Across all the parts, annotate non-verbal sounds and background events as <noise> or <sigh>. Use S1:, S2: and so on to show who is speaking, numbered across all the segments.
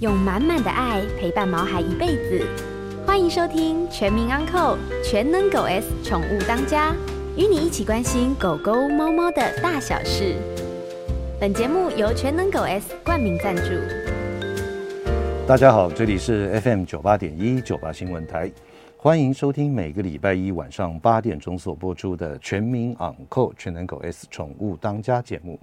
S1: 用滿滿的愛陪伴毛孩一輩子。歡迎收聽《全民昂扣全能狗 S 寵物當家》，與你一起關心狗狗、貓貓的大小事。本節目由全能狗 S 冠名贊助。
S2: 大家好，這裡是 FM 九八點一九八新聞台，歡迎收聽每個禮拜一晚上八點鐘所播出的《全民昂 n 全能狗 S 寵物當家》節目。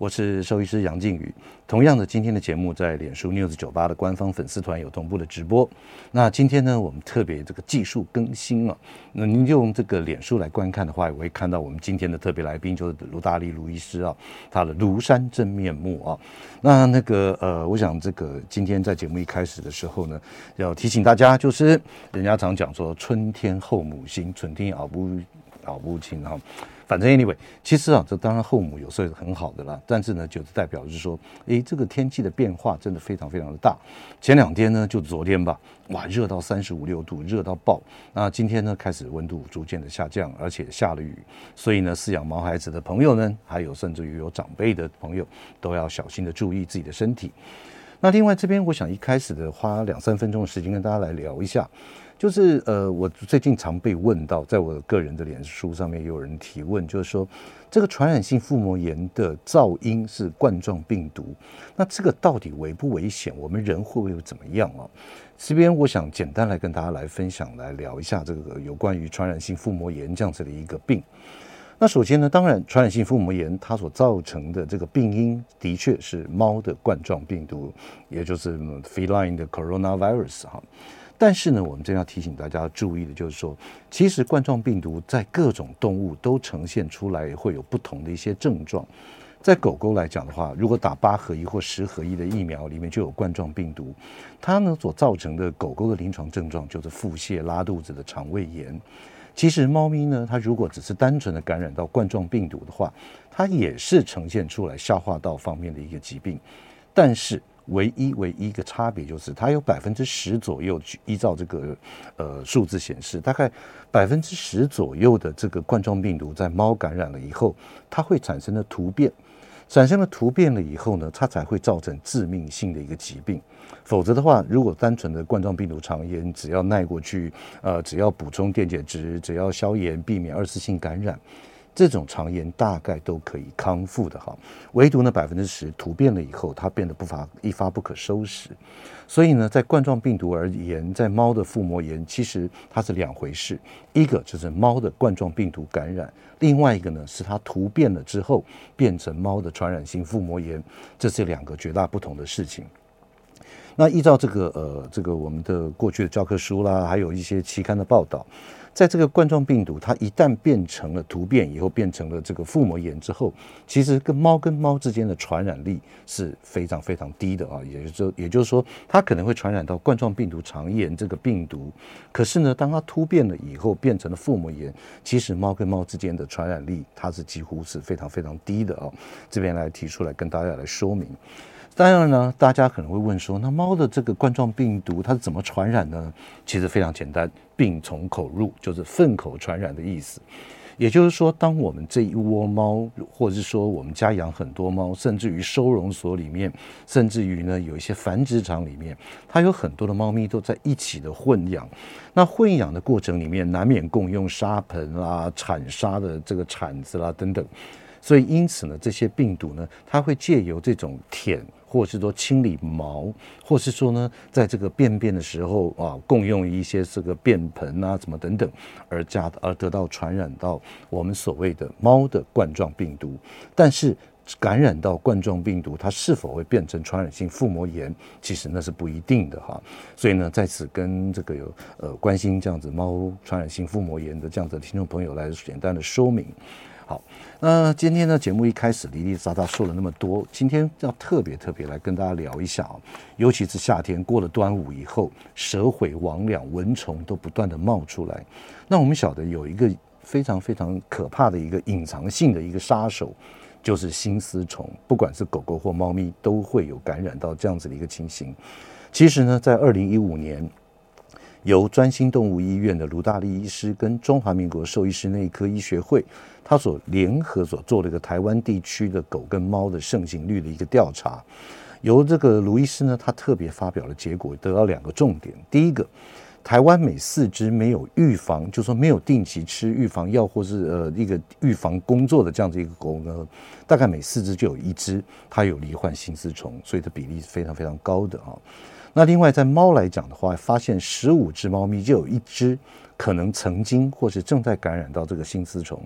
S2: 我是獸醫師楊靜宇。同樣的，今天的節目在臉書 News 98的官方粉絲團有同步的直播。那今天呢，我們特別這個技術更新了、哦。那您用這個臉書來觀看的話，也會看到我們今天的特別來賓就是盧大立盧醫師啊，他的廬山真面目啊、哦。那那個呃，我想這個今天在節目一開始的時候呢，要提醒大家，就是人家常講說春天後母心，春天熬不熬不清啊、哦。反正 anyway，其實啊，這當然後母有時候是很好的啦。但是呢，就是代表是說，誒，這個天氣的變化真的非常非常的大。前兩天呢，就昨天吧，哇，熱到三十五六度，熱到爆。那今天呢，開始溫度逐漸的下降，而且下了雨，所以呢，飼養毛孩子的朋友呢，還有甚至於有長輩的朋友，都要小心的注意自己的身體。那另外這邊，我想一開始的花兩三分鐘的時間跟大家來聊一下。就是呃，我最近常被問到，在我個人的臉書上面也有人提問，就是說這個傳染性腹膜炎的肇因是冠狀病毒，那這個到底危不危險？我們人會不會怎麼樣啊？這邊我想簡單來跟大家來分享，來聊一下這個有關於傳染性腹膜炎這樣子的一個病。那首先呢，當然傳染性腹膜炎它所造成的這個病因的確是貓的冠狀病毒，也就是 feline 的 coronavirus 哈、啊。但是呢，我們這邊要提醒大家注意的，就是說，其實冠狀病毒在各種動物都呈現出來，會有不同的一些症狀。在狗狗來講的話，如果打八合一或十合一的疫苗，裡面就有冠狀病毒，它呢所造成的狗狗的臨床症狀就是腹瀉、拉肚子的腸胃炎。其實貓咪呢，它如果只是單純的感染到冠狀病毒的話，它也是呈現出來消化道方面的一個疾病，但是。唯一唯一一個差別就是，它有百分之十左右，依照這個呃數字顯示，大概百分之十左右的這個冠狀病毒在貓感染了以後，它會產生的突變，產生了突變了以後呢，它才會造成致命性的一個疾病。否則的話，如果單純的冠狀病毒腸炎，只要耐過去，呃，只要補充電解質，只要消炎，避免二次性感染。這種腸炎大概都可以康復的哈，唯獨呢，百分之十突變了以後，它變得不發，一發不可收拾。所以呢，在冠狀病毒而言，在貓的腹膜炎，其實它是兩回事。一個就是貓的冠狀病毒感染，另外一個呢是它突變了之後變成貓的傳染性腹膜炎，這是兩個絕大不同的事情。那依照這個呃這個我們的過去的教科書啦，還有一些期刊的報道。在這個冠狀病毒，它一旦變成了突變以後，變成了這個腹膜炎之後，其實跟貓跟貓之間的傳染力是非常非常低的啊、哦。也就也就是說，它可能會傳染到冠狀病毒腸炎這個病毒，可是呢，當它突變了以後，變成了腹膜炎，其實貓跟貓之間的傳染力它是幾乎是非常非常低的啊、哦。這邊來提出來跟大家來說明。當然呢，大家可能會問說，那貓的這個冠狀病毒它是怎麼傳染呢？其實非常簡單，病從口入，就是糞口傳染的意思。也就是說，當我們這一窩貓，或者是說我們家養很多貓，甚至於收容所裡面，甚至於呢有一些繁殖場裡面，它有很多的貓咪都在一起的混養。那混養的過程裡面，難免共用沙盆啊、鏟沙的這個鏟子啦、啊、等等，所以因此呢，這些病毒呢，它會借由這種舔。或是說清理毛，或是說呢，在這個便便的時候啊，共用一些這個便盆啊，什麼等等，而加而得到傳染到我們所謂的貓的冠狀病毒。但是感染到冠狀病毒，它是否會變成傳染性腹膜炎，其實那是不一定的哈。所以呢，在此跟這個有呃關心這樣子貓傳染性腹膜炎的這樣子的聽眾朋友來簡單的說明。好，那、呃、今天呢，節目一開始零零雜雜說了那麼多，今天要特別特別來跟大家聊一下啊、哦，尤其是夏天過了端午以後，蛇毀網兩蚊蟲都不斷的冒出來，那我們曉得有一個非常非常可怕的一個隱藏性的一個殺手，就是心絲蟲，不管是狗狗或貓咪都會有感染到這樣子的一個情形。其實呢，在二零一五年。由心傳動物醫院的盧大立醫師跟中華民國獸醫師內科醫學會，他所聯合所做了一個台灣地區的狗跟貓的盛行率的一個調查，由這個盧醫師呢，他特別發表了結果，得到兩個重點。第一個，台灣每四只沒有預防，就是說沒有定期吃預防藥或是呃一個預防工作的這樣子一個狗呢，大概每四只就有一只它有罹患心絲蟲，所以的比例是非常非常高的啊、哦。那另外，在貓來講的話，發現十五隻貓咪就有一隻可能曾經或是正在感染到這個心絲蟲。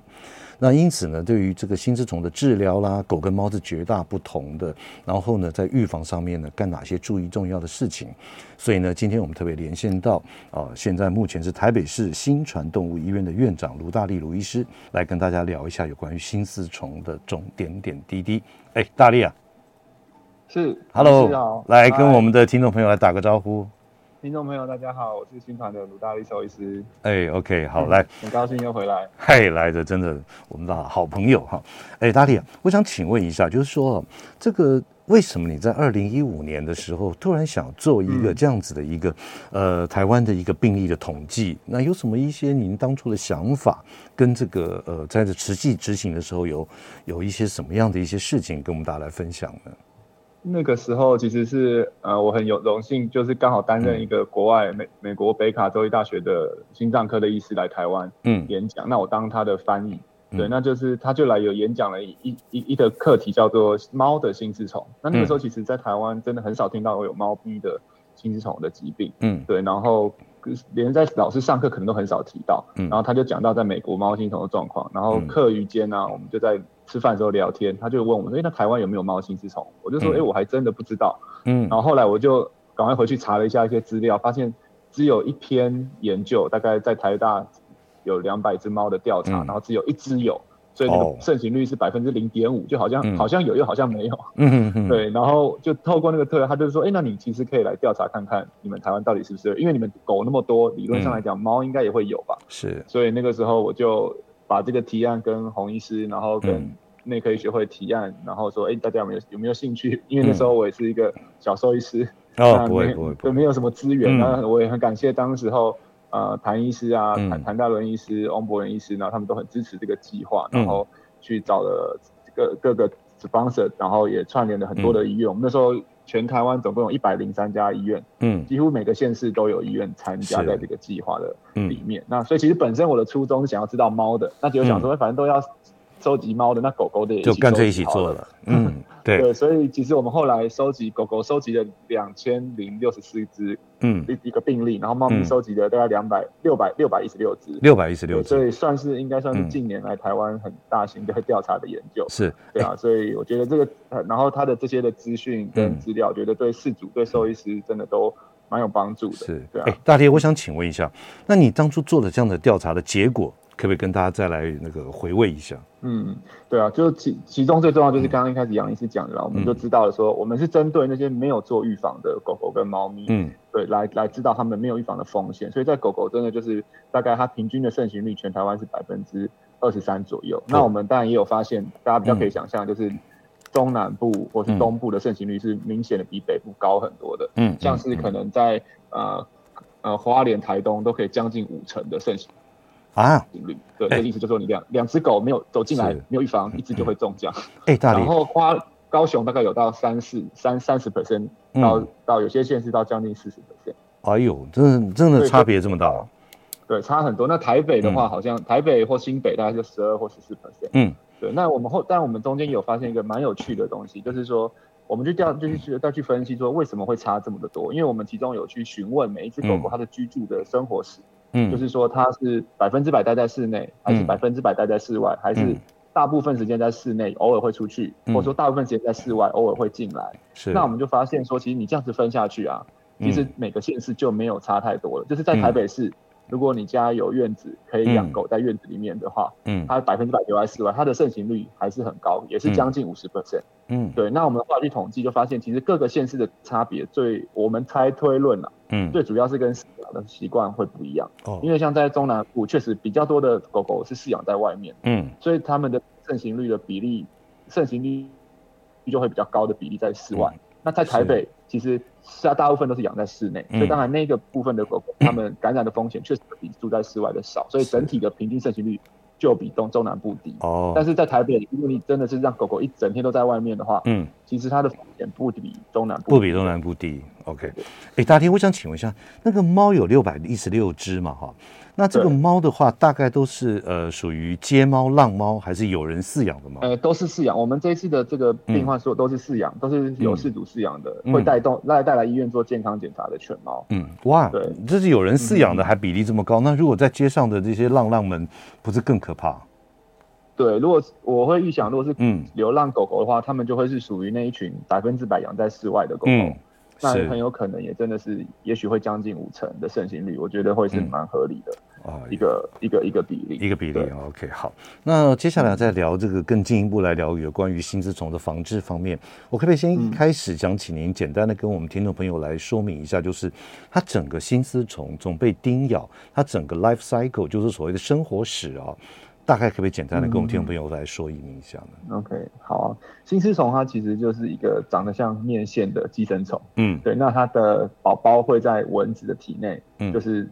S2: 那因此呢，對於這個心絲蟲的治療啦，狗跟貓是絕大不同的。然後呢，在預防上面呢，幹哪些注意重要的事情？所以呢，今天我們特別連線到啊、呃，現在目前是台北市心傳動物醫院的院長盧大立盧醫師，來跟大家聊一下有關於心絲蟲的種種點點滴滴。哎，大立啊！
S3: 是，Hello，、嗯、
S2: 來 Hi. 跟我們的聽眾朋友來打個招呼。
S1: 聽眾朋友，大家好，我是心傳的盧大立獸醫師。
S2: 哎、hey,，OK，好，來、嗯，很
S1: 高興又回來。
S2: 嗨，hey, 來的真的，我們的好朋友哈。哎、hey,，大立，我想請問一下，就是說這個為什麼你在二零一五年的時候突然想做一個這樣子的一個、嗯、呃台灣的一個病例的統計？那有什麼一些您當初的想法跟這個呃在實際執行的時候有有一些什麼樣的一些事情跟我們大家來分享呢？
S1: 那個時候其實是，呃，我很有榮幸，就是剛好擔任一個國外美美國北卡州立大學的心臟科的醫師來台灣，嗯，演講，那我當他的翻譯，嗯、對，那就是他就來有演講了一一一個課題叫做貓的心絲蟲。那那個時候其實，在台灣真的很少聽到我有貓咪的心絲蟲的疾病，嗯，對，然後，連在老師上課可能都很少提到，嗯，然後他就講到在美國貓心絲蟲的狀況，然後課餘間呢，我們就在。吃飯時候聊天，他就問我們、欸，那台灣有沒有貓心絲蟲？我就說，哎、嗯欸，我還真的不知道。嗯，然後後來我就趕快回去查了一下一些資料，發現只有一篇研究，大概在台大有兩百隻貓的調查，嗯、然後只有一隻有，所以那個盛行率是百分之零點五，就好像、嗯、好像有又好像沒有。嗯
S3: 嗯嗯、對。
S1: 然後就透過那個特他就說，哎、欸，那你其實可以來調查看看，你們台灣到底是不是？因為你們狗那麼多，理論上來講，貓、嗯、應該也會有吧？是。所以那個時候我就。把這個提案跟洪醫師，然後跟內科醫學會提案，嗯、然後說，哎、欸，大家有沒有有沒有興趣？因為那時候我也是一個小獸醫師、嗯哦，不會不會，沒有什麼資源啊。嗯、我也很感謝當時候，呃，譚醫師啊，譚譚、嗯、大倫醫師、翁伯倫醫師，然後他們都很支持這個計劃，然後去找了各各個 sponsor，然後也串聯了很多的醫院。嗯、我們那時候，全台灣總共有一百零三家醫院，嗯，幾乎每個縣市都有醫院參加在這個計劃的裡面。嗯、那所以其實本身我的初衷是想要知道貓的，那就想說反正都要收集貓的，那狗狗的也就乾脆一起做
S3: 了，嗯。 <laughs> 對，對，
S1: 所以其實我們後來收集狗狗收集了兩千零六十四隻，嗯，一一個病例，嗯、然後貓咪收集了大概兩百六百六百一十六隻，六百一十六隻，所以算是應該算是近年來台灣很大型的調查的研
S2: 究，是，
S3: 對
S1: 啊，欸、所以我覺得這個，然後它的這些的資訊跟資料，我、嗯、覺得對飼主對獸醫師真的都蠻有幫助的，是，對啊。欸、
S2: 大立，我想請問一下，那你當初做了這樣的調查的結果？可不可以跟大家再來那個回味一下？嗯，
S1: 對啊，就其其中最重要就是剛剛一開始楊醫師講的啦，嗯、我們就知道了說，我們是針對那些沒有做預防的狗狗跟貓咪，嗯，對，來來知道他們沒有預防的風險。所以在狗狗真的就是大概它平均的盛行率，全台灣是百分之二十三左右。嗯、那我們當然也有發現，大家比較可以想象，就是中南部或是東部的盛行率是明顯的比北部高很多的。嗯，像是可能在、嗯、呃呃花蓮、台東都可以將近五成的盛行率。啊，定律，對，這個意思就是說，你兩兩隻狗沒有走進來，沒有預防，是一隻就會中獎。哎、欸，大立然後花高雄大概有到三四三三十 percent，到有些縣市到將近四十 percent。
S2: 哎呦，真的真的差別這麼大，啊對
S1: 對對，對，差很多。那台北的話，嗯、好像台北或新北大概就十二或十四
S2: percent。
S1: 嗯，對。那我們後，但我們中間有發現一個蠻有趣的東西，就是說，我們就調，就是再去,去分析說為什麼會差這麼的多，因為我們其中有去詢問每一只狗狗它的居住的生活史。嗯嗯，就是說他是百分之百待在室內，還是百分之百待在室外，嗯、還是大部分時間在室內，偶爾會出去，嗯、或者說大部分時間在室外，偶爾會進來。是，那我們就發現說，其實你這樣子分下去啊，其實每個縣市就沒有差太多了，嗯、就是在台北市。嗯如果你家有院子，可以養狗在院子裡面的話，嗯，嗯它，百分之百留在室外，它的盛行率還是很高，也是將近五十%，嗯，嗯對。那我們過去統計就發現，其實各個縣市的差別最，我們猜推論啊，嗯，最主要是跟飼養的習慣會不一樣。哦，因為像在中南部，確實比較多的狗狗是飼養在外面，嗯，所以他們的盛行率的比例，盛行率，就會比較高的比例在室外。嗯、那在台北？其實，是啊，大部分都是養在室內，所以當然那個部分的狗狗，它、嗯、們感染的風險確實比住在室外的少，所以整體的平均盛行率就比東中南部低。哦、但是在台北，如果你真的是讓狗狗一整天都在外面的話，嗯其實它的風險不，不，不比
S2: 東南不比東南部不低。OK，哎對、欸，大立，我想請問一下，那個貓有六百一十六隻嘛？哈，那這個貓的話，對大概都是呃屬於街貓、浪貓，還是有人飼養的
S3: 貓？呃，
S1: 都是飼養。我們這一次的這個病患，所有都是飼養，嗯、都是有飼主飼養的，嗯、會帶動來帶來醫院做健康檢查的犬貓。
S2: 嗯，哇，對，這是有人飼養的，還比例這麼高？嗯、那如果在街上的這些浪浪們，不是更可怕？
S1: 對，如果我會預想，如果是流浪狗狗的話，嗯、他們就會是屬於那一群百分之百養在室外的狗狗，那、嗯、很有可能也真的是，也許會將近五成的盛行率，嗯、我覺得會是蠻合理的啊。一個、哦、一個一個比例，一個比例。對 OK，好，
S2: 那接下來再聊這個更進一步來聊有關於心絲蟲的防治方面，我可不可以先開始講，請您、嗯、簡單的跟我們聽眾朋友來說明一下，就是它整個心絲蟲從被叮咬，它整個 life cycle，就是所謂的生活史啊、哦。大概可不可以簡單的跟我們聽眾朋友來說一明一下呢，
S1: 嗯？OK，好啊。心絲蟲它其實就是一個長得像面線的寄生蟲。
S2: 嗯，
S3: 對。
S1: 那它的寶寶會在蚊子的體內，嗯，就是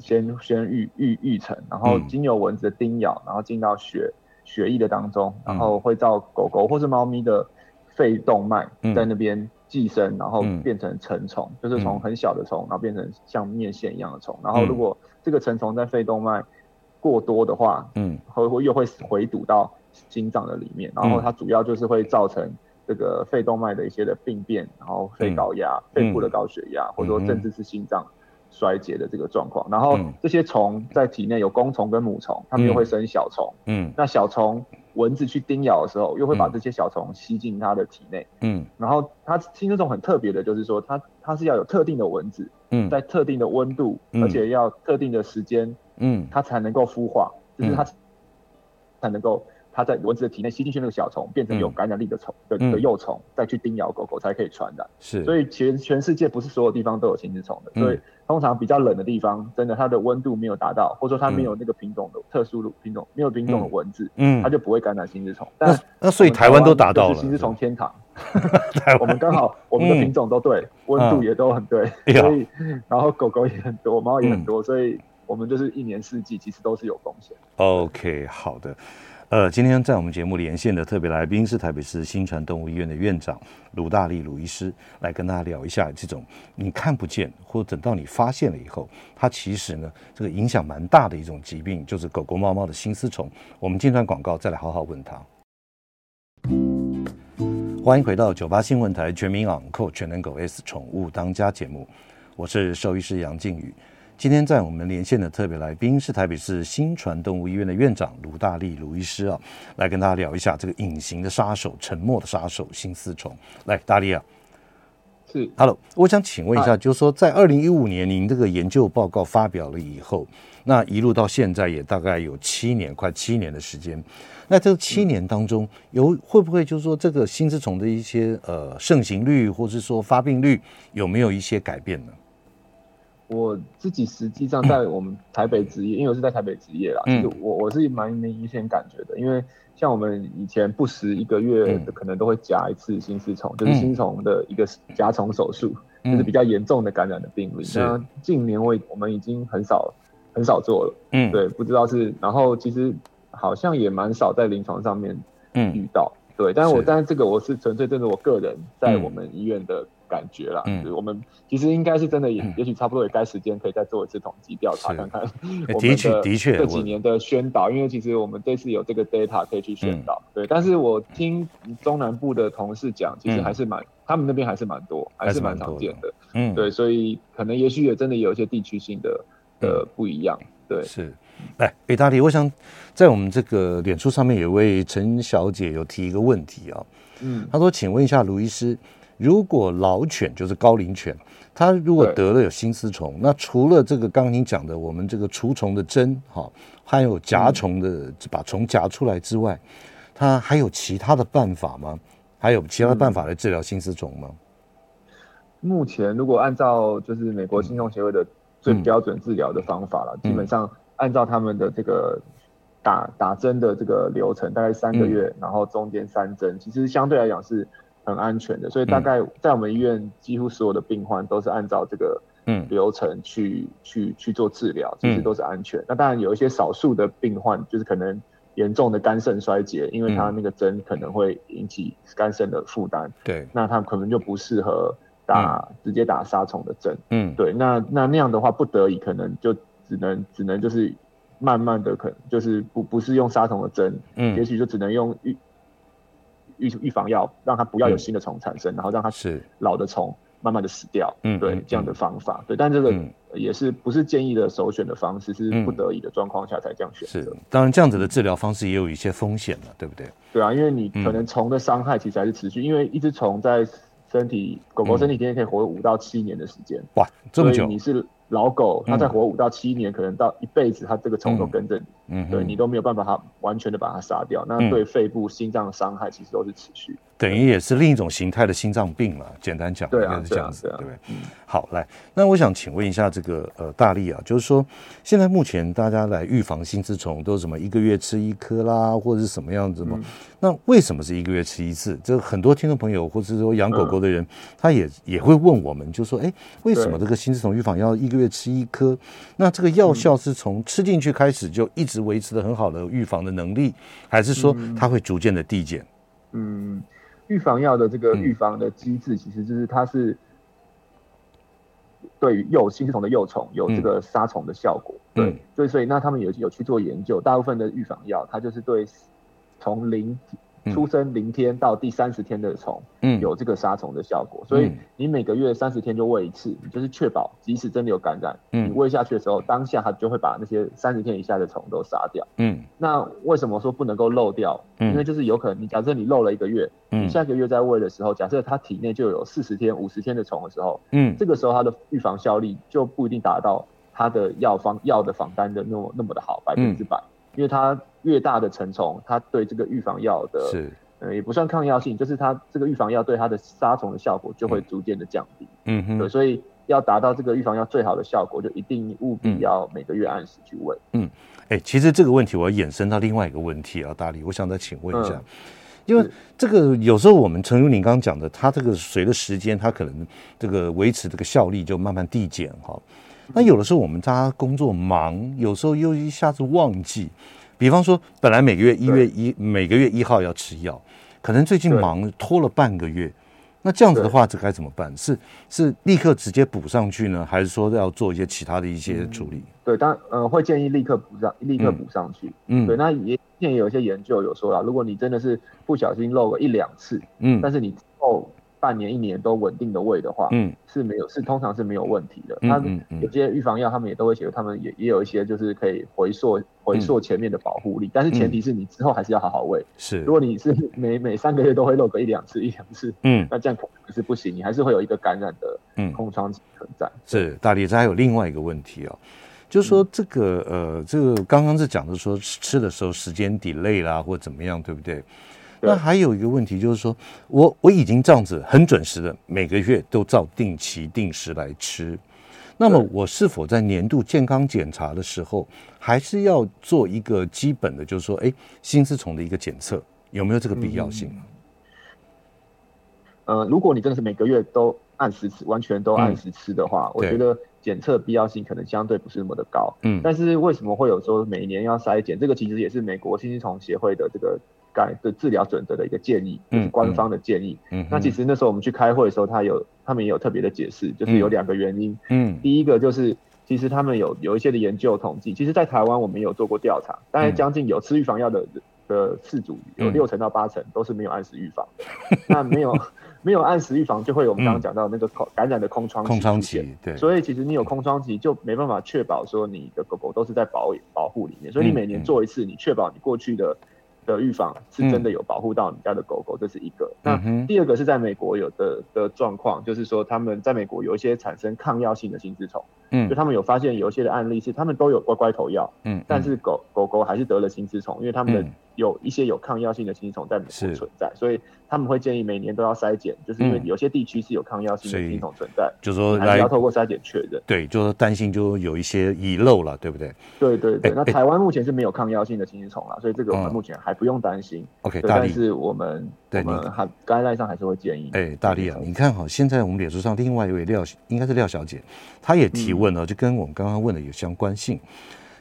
S1: 先，嗯、先育育成，然後經由蚊子的叮咬，然後進到血血液的當中，然後會到狗狗或是貓咪的肺動脈在那邊寄生，然後變成成蟲，嗯嗯，就是從很小的蟲，然後變成像面線一樣的蟲。然後如果這個成蟲在肺動脈。過多的話，嗯，會會又會回堵到心臟的裡面，然後它主要就是會造成這個肺動脈的一些的病變，然後肺高壓、肺部的高血壓，或者說甚至是心臟衰竭的這個狀況。然後這些蟲在體內有公蟲跟母蟲，它們又會生小蟲，嗯，那小蟲蚊子去叮咬的時候，又會把這些小蟲吸進它的體內，嗯，然後它其實這種很特別的，就是說它它是要有特定的蚊子，嗯，在特定的溫度，而且要特定的時間。嗯，它才能夠孵化，就是它才能夠它在蚊子的體內吸進去那個小蟲，變成有感染力的蟲的的幼蟲，再去叮咬狗狗才可以傳染。是，所以全全世界不是所有地方都有心絲蟲的，所以通常比較冷的地方，真的它的溫度沒有達到，或者說它沒有那個品種的特殊的品種，沒有品種的蚊子，嗯，它就不會感染心絲蟲。但那所以台灣都達到了，心絲蟲天堂。我們剛好我們的品種都對，溫度也都很對，所以然後狗狗也很多，貓也很多，所以。我們就是一
S2: 年四季，其實都是有風險。OK，好的，呃，今天在我們節目連線的特別來賓是台北市新傳動物醫院的院長盧大立盧醫師，來跟大家聊一下這種你看不見，或者等到你發現了以後，它其實呢，這個影響蠻大的一種疾病，就是狗狗貓貓的心絲蟲。我們進段廣告，再來好好問他。歡迎回到九八新聞台全民昂扣全能狗 S 寵物當家節目，我是獸醫師楊靖宇。今天在我們連線的特別來賓是台北市心傳動物醫院的院長盧大立、盧醫師啊，來跟大家聊一下這個隱形的殺手、沉默的殺手——心絲蟲。來，大立啊，是，Hello，我想請問一下，就是說在二零一五年您這個研究報告發表了以後，那一路到現在也大概有七年，快七年的時間，那這七年當中，有會不會就是說這個心絲蟲的一些呃盛行率，或是說發病率，有沒有一些改變呢？
S1: 我自己實際上在我們台北執業，嗯、因為我是在台北執業啦，嗯、我我是蠻明顯感覺的，因為像我們以前不時一個月可能都會夾一次心絲蟲，嗯、就是心蟲的一個夾蟲手術，就是比較嚴重的感染的病例。那、嗯、近年我我們已經很少很少做了，嗯，對，不知道是，然後其實好像也蠻少在臨床上面遇到，嗯、對，但我是我但這個我是純粹針對我個人在我們醫院的。感覺啦，嗯，我們其實應該是真的也，也許差不多也該時間可以再做一次統計調查，看看我的確的確這幾年的宣導，因為其實我們這次有這個 data 可以去宣導，對。但是我聽中南部的同事講，其實還是蠻，他們那邊還是蠻多，還是蠻常見的，嗯，對，所以可能也許也真的有一些地區性的呃不一樣，對，是。
S2: 哎，大立我想在我們這個臉書上面有一位陳小姐有提一個問題啊，嗯，她說，請問一下盧醫師。如果老犬就是高齡犬，它如果得了有心絲蟲，對那除了這個剛剛您講的我們這個除蟲的針，哈，還有夾蟲的、嗯、把蟲夾出來之外，它還有其他的辦法嗎？還有其他辦法來治療心絲蟲嗎？
S1: 目前如果按照就是美國心臟協會的最標準治療的方法了，嗯、基本上按照他們的這個打打針的這個流程，大概三個月，嗯、然後中間三針，其實相對來講是。很安全的，所以大概在我們醫院，幾乎所有的病患都是按照這個流程去、嗯、去去做治療，其實都是安全。嗯、那當然有一些少數的病患，就是可能嚴重的肝腎衰竭，因為他那個針可能會引起肝腎的負擔。對、嗯，那他可能就不適合打、嗯、直接打殺蟲的針。嗯，對，那那那樣的話，不得已可能就只能只能就是慢慢的，可能就是不不是用殺蟲的針，嗯，也許就只能用預預防藥讓它不要有新的蟲產生，嗯、然後讓它是老的蟲慢慢的死掉。是對嗯，對，這樣的方法，嗯、對，但這個也是不是建議的首選的方式，嗯、是不得已的狀況下才這樣選。是，
S2: 當然這樣子的治療方式也有一些風險的，對不對？
S1: 對啊，因為你可能蟲的傷害其實還是持續，嗯、因為一只蟲在身體狗狗身體裡面可以活五到七年的時間。哇，這麼久！你是。老狗，它再活五到七年，嗯、可能到一輩子，它這個蟲都跟着你，嗯嗯、對你都沒有辦法，它完全的把它殺掉。那對肺部、心臟的傷害其實都是持續，
S2: 嗯、對等於也是另一種形態的心臟病了。簡單講，對啊，是這樣子，對,啊對,啊、對,對。對啊對啊、好，來，那我想請問一下這個呃大立啊，就是說現在目前大家來預防心絲蟲都是什麼？一個月吃一顆啦，或者是什麼樣子嗎？嗯、那為什麼是一個月吃一次？就很多聽眾朋友或者說養狗狗的人，嗯、他也也會問我們，就是說，哎、欸，為什麼這個心絲蟲預防要一個月？吃一顆，那這個藥效是從吃進去開始就一直維持得很好的預防的能力，還是說它會逐漸的遞減、嗯？
S1: 嗯，預防藥的這個預防的機制其實就是它是對於心絲蟲的幼蟲有這個殺蟲的效果。嗯嗯、對，所以所以那他們有有去做研究，大部分的預防藥它就是對從零。出生零天到第三十天的蟲，嗯，有這個殺蟲的效果，所以你每個月三十天就餵一次，你就是確保，即使真的有感染，嗯，你餵下去的時候，當下它就會把那些三十天以下的蟲都殺掉，嗯，那為什麼說不能夠漏掉？嗯，因為就是有可能你假設你漏了一個月，嗯，你下一個月再餵的時候，假設它體內就有四十天、五十天的蟲的時候，嗯，這個時候它的預防效力就不一定達到它的藥方藥的仿單的那麼那麼的好，百分之百。嗯因為它越大的成蟲，它對這個預防藥的，是呃也不算抗藥性，就是它這個預防藥對它的殺蟲的效果就會逐漸的降低。
S3: 嗯，嗯哼，所
S1: 以要達到這個預防藥最好的效果，就一定務必要每個月按時去問嗯，
S2: 哎、嗯欸，其實這個問題我要延伸到另外一個問題啊，大立，我想再請問一下，嗯、因為這個有時候我們誠如你剛剛講的，它這個隨着時間，它可能這個維持這個效力就慢慢遞減哈。那有的時候我們大家工作忙，有時候又一下子忘記，比方說本來每個月一月一對每個月一號要吃藥，可能最近忙對拖了半個月，那這樣子的話這該怎麼辦？對是是立刻直接補上去呢，還是說要做一些其他的一些處理？
S1: 對，但呃會建議立刻補上，立刻補上去。嗯，嗯對，那也之前也有一些研究有說了，如果你真的是不小心漏了一兩次，嗯，但是你之後。半年一年都穩定的餵的話，嗯，是沒有，是通常是沒有問題的。它、嗯、有些預防藥，他們也都會寫，他們也、嗯、也有一些就是可以回溯、嗯、回溯前面的保護力，但是前提是你之後還是要好好餵。是、嗯，如果你是每每三個月都會漏個一兩次一兩次，次嗯，那這樣可能是不行，你還是會有一個感染的
S2: 空窗存在。嗯、對 是，大立，這還有另外一個問題哦，就是說這個、嗯、呃，這個剛剛是講的說吃的時候時間 delay 啦，或怎麼樣，對不對？對那還有一個問題就是說我，我我已經這樣子很準時的每個月都照定期定時來吃，那麼我是否在年度健康檢查的時候還是要做一個基本的，就是說，哎、欸，心絲蟲的一個檢測有沒有這個必要性？嗯、呃，
S1: 如果你真的是每個月都按時吃，完全都按時吃的話，嗯、我覺得檢測必要性可能相對不是那麼的高。嗯，但是為什麼會有說每年要篩檢？這個其實也是美國心絲蟲協會的這個。改的治療準則的一個建議，就是官方的建議。嗯，嗯嗯，那其實那時候我們去開會的時候，他有他們也有特別的解釋，就是有兩個原因。嗯，嗯，第一個就是其實他們有有一些的研究統計，其實，在台灣我們也有做過調查，但將近有吃預防藥的、嗯、的飼主，有六成到八成都是沒有按時預防的。嗯、那沒有沒有按時預防，就會有我們剛剛講到的那個感染的空窗期。空窗
S2: 期。對。所
S1: 以其實你有空窗期，就沒辦法確保說你的狗狗都是在保保護裡面。所以你每年做一次，你確保你過去的。嗯嗯的預防是真的有保護到你家的狗狗，嗯、這是一個。那第二個是在美國有的的狀況，就是說他們在美國有一些產生抗藥性的心絲蟲，嗯，就他們有發現有一些的案例是他們都有乖乖投藥，嗯，但是狗狗狗還是得了心絲蟲，因為他們的、嗯。有一些有抗藥性的心絲蟲在美國存在，所以他們會建議每年都要篩檢，就是因為有些地區是有抗藥性的心絲
S2: 蟲存在，就是要透
S1: 過篩檢確認。
S2: 對，就是擔心就有一些遺漏了，對不對？
S1: 對對對，那台灣目前是沒有抗藥性的心絲蟲啊，所以這個我們目前還不用擔心。OK，但是我們對你他該賴上還是會建議。
S2: 哎，大力啊，你看哈，現在我們臉書上另外一位廖應該是廖小姐，她也提問了，就跟我們剛剛問的有相關性。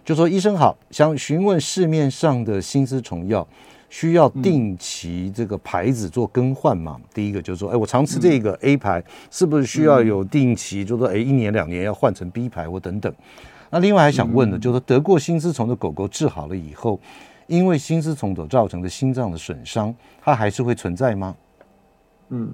S2: 就說醫生好，想詢問市面上的心絲蟲藥需要定期這個牌子做更換嗎？嗯、第一個就是說，哎，我常吃這個 A 牌，是不是需要有定期？嗯、就說，哎，一年兩年要換成 B 牌或等等。那另外還想問的，嗯、就是得過心絲蟲的狗狗治好了以後，因為心絲蟲所造成的心臟的損傷，它還是會存在嗎？嗯，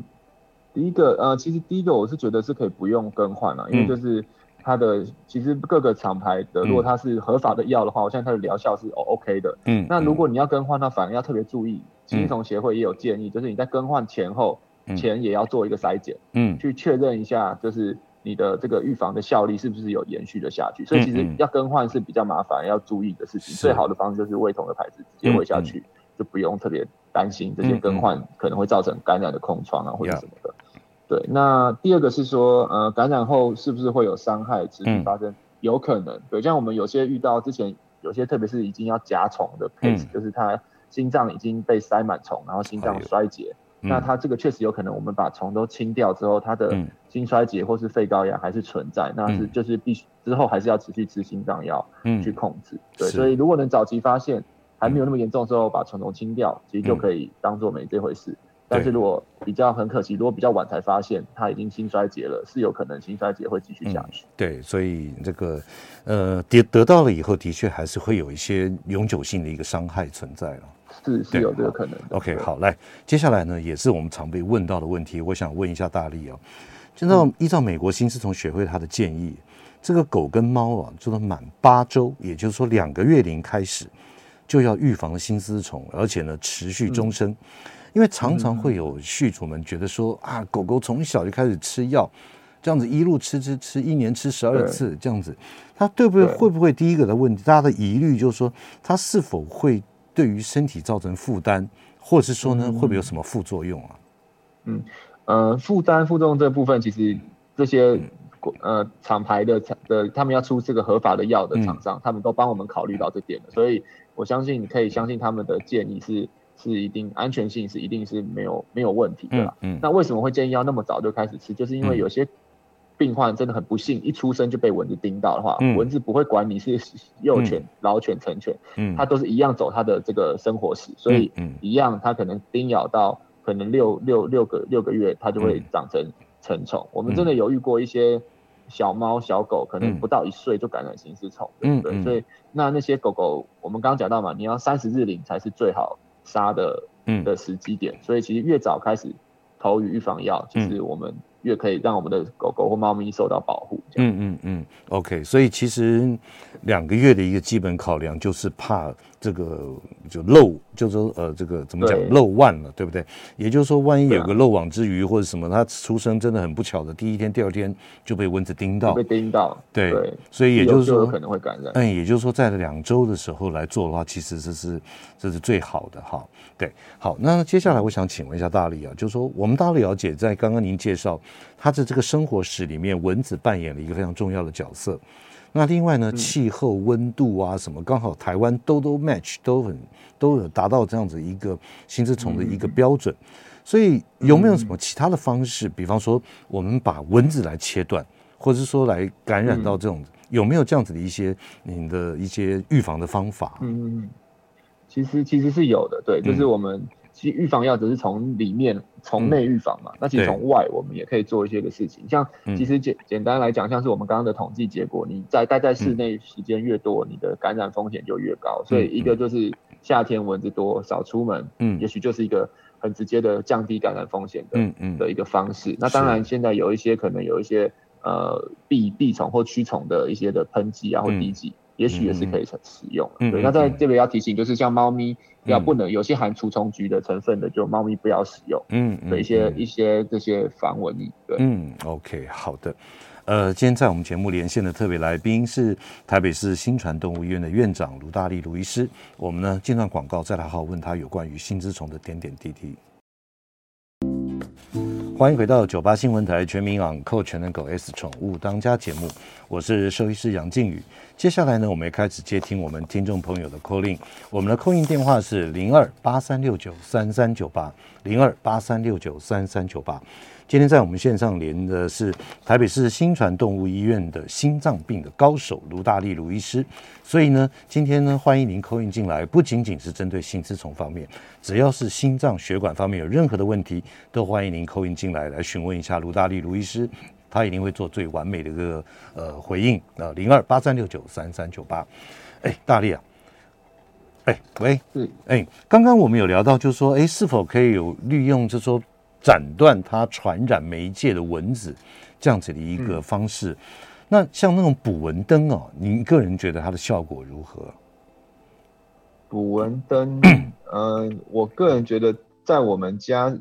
S1: 第一個啊、呃，其實第一個我是覺得是可以不用更換了，因為就是。它的其實各個廠牌的，如果它是合法的藥的話，嗯、我相信它的療效是、哦、O、okay、K 的嗯。嗯，那如果你要更換，那反而要特別注意。心絲蟲協會也有建議，就是你在更換前後，嗯、前也要做一個篩檢，嗯，去確認一下，就是你的這個預防的效力是不是有延續的下去。所以其實要更換是比較麻煩，要注意的事情。嗯嗯、最好的方式就是餵同的牌子直接餵下去，嗯嗯、就不用特別擔心這些更換可能會造成感染的空窗啊，或者什麼的。嗯嗯嗯對，那第二個是說，呃，感染後是不是會有傷害持續發生？嗯、有可能，對，像我們有些遇到之前有些，特別是已經要夾蟲的 case、嗯、就是他心臟已經被塞滿蟲，然後心臟衰，衰竭，哎、呦那他這個確實有可能，我們把蟲都清掉之後，他的心衰竭或是肺高壓還是存在，那是就是必須之後還是要持續吃心臟藥去控制。嗯、對，是所以如果能早期發現，還沒有那麼嚴重的時候把蟲蟲清掉，其實就可以當做沒這回事。但是如果比較很可惜，如果比較晚才發現他已經心衰竭了，是有可能心
S2: 衰竭會繼續下去、嗯。對，所以這個，呃，得得到了以後，的確還是會有一些永久性的一個傷害存在了、啊。
S1: 是，是有這個可能。
S2: OK，好，來，接下來呢，也是我們常被問到的問題，嗯、我想問一下大立哦、啊，現在依照美國心絲蟲學會他的建議，嗯、這個狗跟貓啊，做到滿八周，也就是說兩個月齡開始就要預防心絲蟲，而且呢，持續終生。嗯因為常常會有畜主們覺得說、嗯、啊，狗狗從小就開始吃藥，這樣子一路吃吃吃，一年吃十二次對這樣子，它會不會對會不會第一個的問題，大家的疑慮就是說，它是否會對於身體造成負擔，或者是說呢，會不會有什麼副作用啊？嗯
S1: 呃，負擔副作用這部分，其實這些、嗯、呃廠牌的廠的，他們要出這個合法的藥的廠商，嗯、他們都幫我們考慮到這點了，所以我相信你可以相信他們的建議是。是一定安全性是一定是沒有沒有問題的啦嗯，嗯，那為什麼會建議要那麼早就開始吃？就是因為有些病患真的很不幸，一出生就被蚊子叮到的話，嗯、蚊子不會管你是幼犬、嗯、老犬、成犬，它、嗯、都是一樣走它的這個生活史，所以一樣它可能叮咬到可能六六六個六個月，它就會長成成蟲。嗯、我們真的有遇過一些小貓小狗，可能不到一歲就感染心絲蟲，嗯、對不對？嗯嗯、所以那那些狗狗，我們剛剛講到嘛，你要三十日齡才是最好。殺的嗯的時機點，嗯、所以其實越早開始投予預防藥，嗯、就是我們越可以讓我們的狗狗或貓咪受到保護
S2: 這樣、嗯。嗯嗯嗯，OK，所以其實兩個月的一個基本考量就是怕。這個就漏，就是說呃，這個怎麼講漏萬對了，對不對？也就是說，萬一有個漏網之魚、啊、或者什麼，他出生真的很不巧的，第一天、第二天就被蚊子叮到，被叮到，對，對，所以也就是說有就有可能會感染。嗯，也就是說在兩週的時候來做的話，其實這是這是最好的哈。對，好，那接下來我想請問一下大立啊，就是說我們大立，了解在剛剛您介紹他的這個生活史裡面，蚊子扮演了一個非常重要的角色。那另外呢，氣、嗯、候溫度啊，什麼剛好台灣都都 match 都很都有達到這樣子一個心絲蟲的一個標準，嗯、所以有沒有什麼其他的方式？嗯、比方說，我們把蚊子來切斷，或者是說來感染到這種，嗯、有沒有這樣子的一些你的一些預防的方法？
S1: 嗯，其實其實是有的，對，嗯、就是我們。其實預防藥只是從裡面從內預防嘛，嗯、那其實從外我們也可以做一些個事情，對像其實簡簡單來講，像是我們剛剛的統計結果，你在待在，在室內時間越多，嗯、你的感染風險就越高，所以一個就是夏天蚊子多，少出門，嗯，也許就是一個很直接的降低感染風險的、嗯嗯、的一個方式。是那當然現在有一些可能有一些呃避避蟲或驅蟲的一些的噴劑啊或滴劑。嗯也許也是可以使用、嗯，對。嗯嗯、那在這裡要提醒，就是像貓咪要不能有些含除蟲菊的成分的，就貓咪不要使用嗯，嗯，的一些一些這些防蚊液，對。嗯
S2: ，OK，好的，呃，今天在我們節目連線的特別來賓是台北市心傳動物醫院的院長盧大立盧醫師，我們呢進到廣告再來好好問他有關於心絲蟲的點點滴滴。歡迎回到九八新聞臺《全民養狗全能狗 S 寵物當家》節目，我是獸醫師楊靜宇。接下來呢，我們也開始接聽我們聽眾朋友的 call in。我們的 call in 電話是零二八三六九三三九八零二八三六九三三九八。今天在我們線上連的是台北市心傳動物醫院的心臟病的高手盧大立盧醫師，所以呢，今天呢歡迎您扣印進來，不僅僅是針對心絲蟲方面，只要是心臟血管方面有任何的問題，都歡迎您扣印進來來詢問一下盧大立盧醫師，他一定會做最完美的一個呃回應呃。那零二八三六九三三九八，哎，大力啊，哎，喂，嗯，哎，剛剛我們有聊到，就是說，哎，是否可以有利用，就是說，斬斷它傳染媒介的蚊子，這樣子的一個方式。嗯、那像那種捕蚊燈哦，您個人覺得它的效果如何？
S1: 捕蚊燈，嗯、呃，我個人覺得在我們家，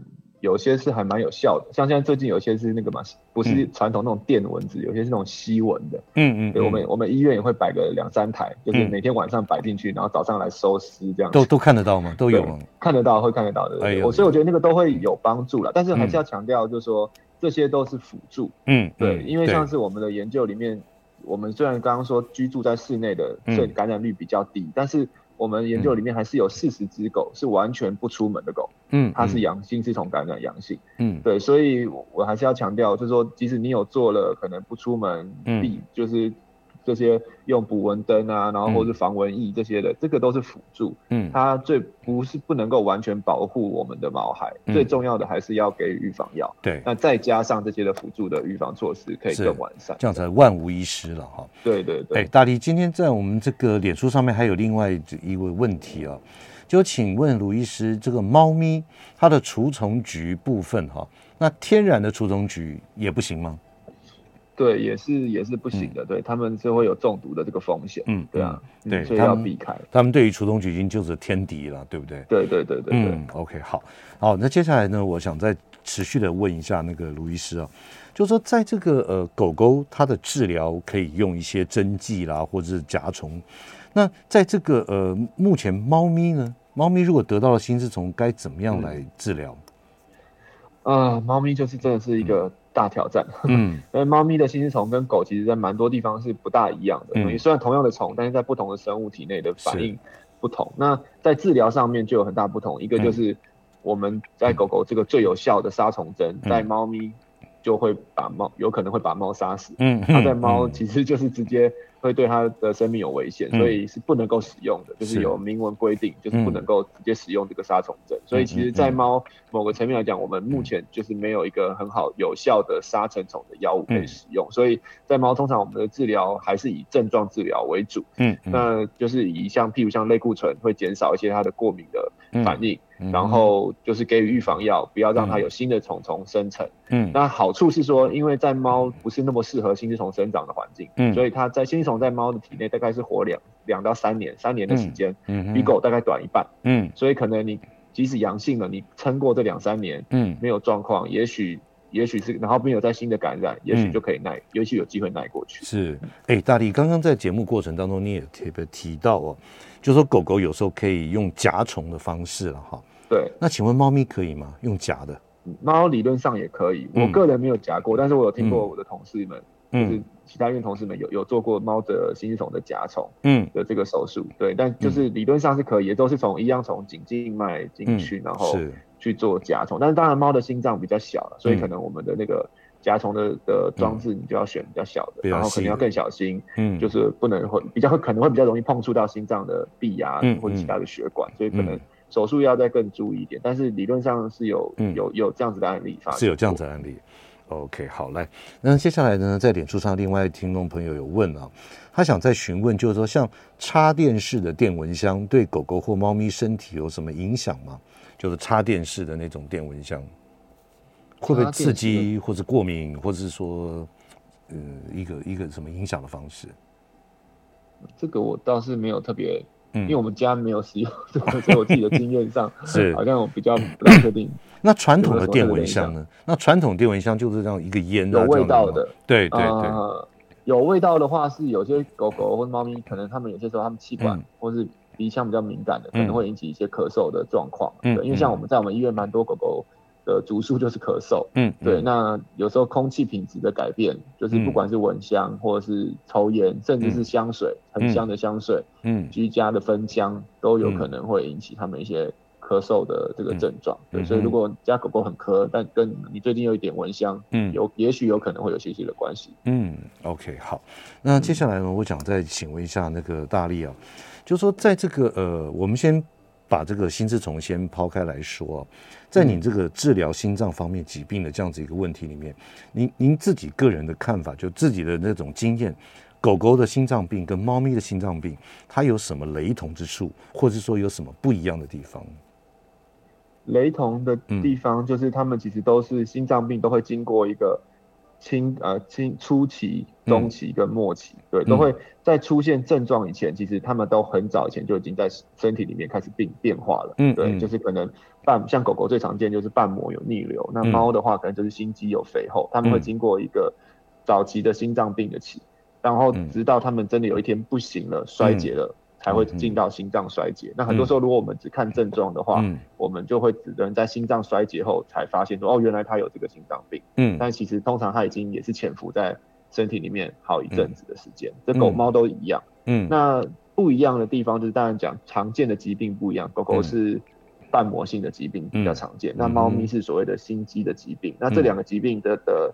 S1: 有些是還蠻有效的，像現在最近有些是那個嘛，不是傳統那種電蚊子，有些是那種吸蚊的。嗯嗯，對，我們我們醫院也會擺個兩三台，就是每天晚上擺進去，然後早上來收屍，這樣。都都
S2: 看得到嗎？都有嗎？
S1: 看得到，會看得到的。我所以我覺得那個都會有幫助啦，但是還是要強調，就是說這些都是輔助。
S2: 嗯，對，因為
S1: 上次我們的研究裡面，我們雖然剛剛說居住在室內的，所以感染率比較低，但是。我們研究裡面還是有四十隻狗是完全不出門的狗，嗯，它是陽性，性，自從感染陽性，嗯，對，所以我還是要強調，就是說，即使你有做了，可能不出門，嗯，必，就是。這些用捕蚊燈啊，然後或是防蚊液這些的，嗯、這個都是輔助，嗯，它最不是不能夠完全保護我們的毛孩，嗯、最重要的還是要給予預防藥。對、嗯，那再加上這些的輔助的預防措施，可以更完
S2: 善，這樣才萬無一失了哈、哦。
S3: 對對
S2: 對。哎、欸，大力，今天在我們這個臉書上面還有另外一個問題啊、哦，就請問盧醫師，這個貓咪它的除蟲菊部分哈、哦，那天然的除蟲菊也不行嗎？
S1: 對，也是也是不行的。嗯、對，他們就會有中毒的這個風險。嗯，對啊，嗯、對，所以要避開。他們，
S2: 他們對於除蟲菊精就是天敵了，對不對？對對對對對嗯，OK，好，好。那接下來呢，我想再持續的問一下那個盧醫師啊，就是說在這個呃，狗狗它的治療可以用一些針劑啦，或者是甲蟲。那在這個呃，目前貓咪呢，貓咪如果得到了心絲蟲，該怎麼樣來治療？啊、嗯呃，
S1: 貓咪就是真的是一個、嗯。大挑戰。嗯，
S3: 因
S1: 為貓咪的心絲蟲跟狗其實，在蠻多地方是不大一樣的東、嗯、雖然同樣的蟲，但是在不同的生物體內的反應不同。是那在治療上面就有很大不同。一個就是我們在狗狗這個最有效的殺蟲針，嗯、在貓咪。就會把貓，有可能會把貓殺死。
S3: 嗯，嗯，它、啊、在貓
S1: 其實就是直接會對它的生命有危險，嗯、所以是不能夠使用的，嗯、就是有明文規定，是就是不能夠直接使用這個殺蟲針。嗯、所以其實，在貓某個層面來講，我們目前就是沒有一個很好有效的殺成蟲的藥物可以使用。嗯、所以在貓通常我們的治療還是以症狀治療為主，嗯，嗯那就是以像譬如像類固醇會減少一些它的過敏的反應。嗯然後就是給予預防藥，不要讓它有新的蟲蟲生成。嗯，那好處是說，因為在貓不是那麼適合新絲蟲生長的環境，嗯，所以它在新蟲在貓的體內大概是活兩兩到三年，三年的時間，嗯，比、嗯、狗大概短一半，嗯，所以可能你即使陽性了，你撐過這兩三年，
S2: 嗯，沒
S1: 有狀況，也許也許是然後沒有在新的感染，也許就可以耐，嗯、也許有機會耐過
S2: 去。是，哎，大力剛剛在節目過程當中你也特別提到哦，就說狗狗有時候可以用夾蟲的方式了哈。對，那請問貓咪可以嗎？用夾的
S1: 貓理論上也可以，我個人沒有夾過，但是我有聽過我的同事們，
S2: 就是
S1: 其他院同事們有有做過貓的心絲蟲的夾蟲的這個手術。對，但就是理論上是可以，都是從一樣從頸靜脈進去，然後去做夾蟲。但是當然貓的心臟比較小，所以可能我們的那個夾蟲的的裝置你就要選比較小的，然後可能要更小心，就是不能，會比較會，可能會比較容易碰觸到心臟的壁啊或者其他的血管，所以可能。手術要再更注意一點，但是理論上是有、嗯、有有這樣子的案例發生，是有這
S2: 樣子的案例。
S1: OK，好，來。
S2: 那接下來呢，在臉書上另外聽眾朋友有問啊，他想再詢問，就是說像插電式的電蚊香對狗狗或貓咪身體有什麼影響嗎？就是插電式的那種電蚊香，
S3: 會
S2: 不會刺激或是過敏，或者是說，嗯、呃，一個一個什麼影響的方式？
S1: 這個我倒是沒有特別。因為我們家沒有使用， <laughs> 所以我自己的經驗上， <laughs> 是好像我比較不確定。
S2: <laughs> 那傳統的電蚊香呢？那傳統電蚊香就是這樣一個煙，有味道的。 <laughs> 對對
S1: 對，有味道的話是有些狗狗或貓咪，可能他們有些時候他們氣管、嗯、或是鼻腔比較敏感的，可能會引起一些咳嗽的狀況。嗯對，因為像我們在我們醫院蠻多狗狗的主訴就是咳嗽，嗯，嗯對。那有時候空氣品質的改變，就是不管是蚊香，嗯、或者是抽菸，甚至是香水，嗯、很香的香水，嗯，居家的焚香，都有可能會引起他們一些咳嗽的這個症狀。嗯嗯、對，所以如果家狗狗很咳，但跟你最近有一點蚊香，嗯，有，也許有可能會有些許的關係。嗯
S2: ，OK，好。那接下來呢，嗯、我想再請問一下那個大力啊，就是說在這個呃，我們先。把這個心絲蟲先拋開來說，在你這個治療心臟方面疾病的這樣子一個問題裡面，您您自己個人的看法，就自己的那種經驗，狗狗的心臟病跟貓咪的心臟病，它有什麼雷同之處，或者說有什麼不一樣的地方？
S1: 雷同的地方就是它們其實都是心臟病，都會經過一個。輕呃輕初期、中期跟末期，嗯、對，都會在出現症狀以前，嗯、其實他們都很早以前就已經在身體裡面開始變變化了。嗯，對，就是可能半，像狗狗最常見就是瓣膜有逆流，那貓的話可能就是心肌有肥厚，嗯、他們會經過一個早期的心臟病的期，然後直到他們真的有一天不行了，嗯、衰竭了。嗯才會進到心臟衰竭。那很多時候，如果我們只看症狀的話，嗯、我們就會只能在心臟衰竭後才發現說，哦，原來他有這個心臟病。嗯，但其實通常他已經也是潛伏在身體裡面好一陣子的時間。嗯、這狗貓都一樣。嗯，那不一樣的地方就是，當然講常見的疾病不一樣。狗狗是瓣膜性的疾病比較常見，嗯、那貓咪是所謂的心肌的疾病。嗯、那這兩個疾病的的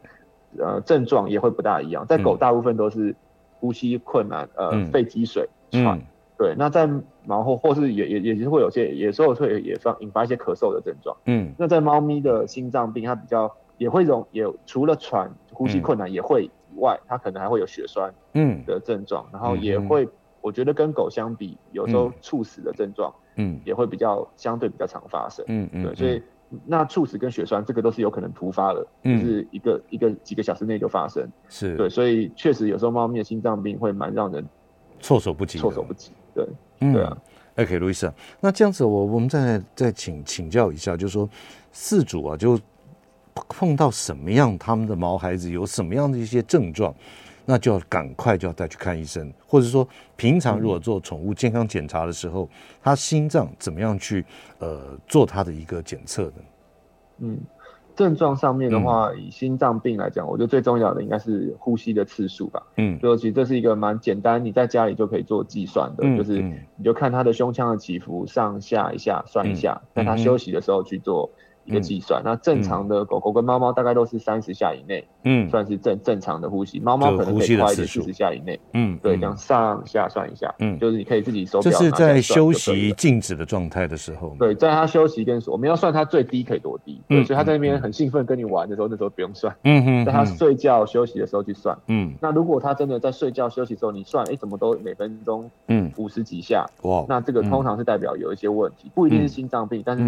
S1: 呃症狀也會不大一樣。在狗大部分都是呼吸困難，呃，肺積水，喘。嗯，嗯。對，那在然後或是也也也是會有些，有時候會也發引發一些咳嗽的症狀。嗯，那在貓咪的心臟病，它比較也會容也有除了喘呼吸困難也會以外，嗯、它可能還會有血栓嗯的症狀，嗯、然後也會、嗯、我覺得跟狗相比，有時候猝死的症狀嗯也會比較相對比較常發生。嗯嗯，嗯對，所以那猝死跟血栓這個都是有可能突發的，嗯、就是一個一個幾個小時內就發生。
S2: 是，對，
S1: 所以確實有時候貓咪的心臟病會蠻讓人
S2: 措手不及，措手不及。對，嗯對、啊，OK，路易斯，那這樣子，我我們再再請請教一下，就是說，飼主啊，就碰到什麼樣，他們的毛孩子有什麼樣的一些症狀，那就要趕快就要帶去看醫生，或者說，平常如果做寵物健康檢查的時候，他、嗯、心臟怎麼樣去呃做他的一個檢測的。嗯。
S1: 症狀上面的話，嗯、以心臟病來講，我覺得最重要的應該是呼吸的次數吧。嗯，所以其實這是一個蠻簡單，你在家裡就可以做計算的，嗯、就是你就看他的胸腔的起伏，上下一下算一下，在、嗯、他休息的時候去做。一個計算，那正常的狗狗跟貓貓大概都是三十下以內，嗯，算是正正常的呼吸。貓貓可能可以快一點，四十下以內，嗯，
S2: 對，這樣
S1: 上下算一下，嗯，就是你可以自己手表，這是在休息
S2: 靜止的狀態的時候。
S1: 對，在它休息跟我們要算它最低可以多低，對。所以它在那邊很興奮跟你玩的時候，那時候不用算，嗯，在它睡覺休息的時候去算，嗯，那如果它真的在睡覺休息的時候你算，哎，怎麼都每分鐘嗯五十幾下，哇，那這個通常是代表有一些問題，不一定是心臟病，但是。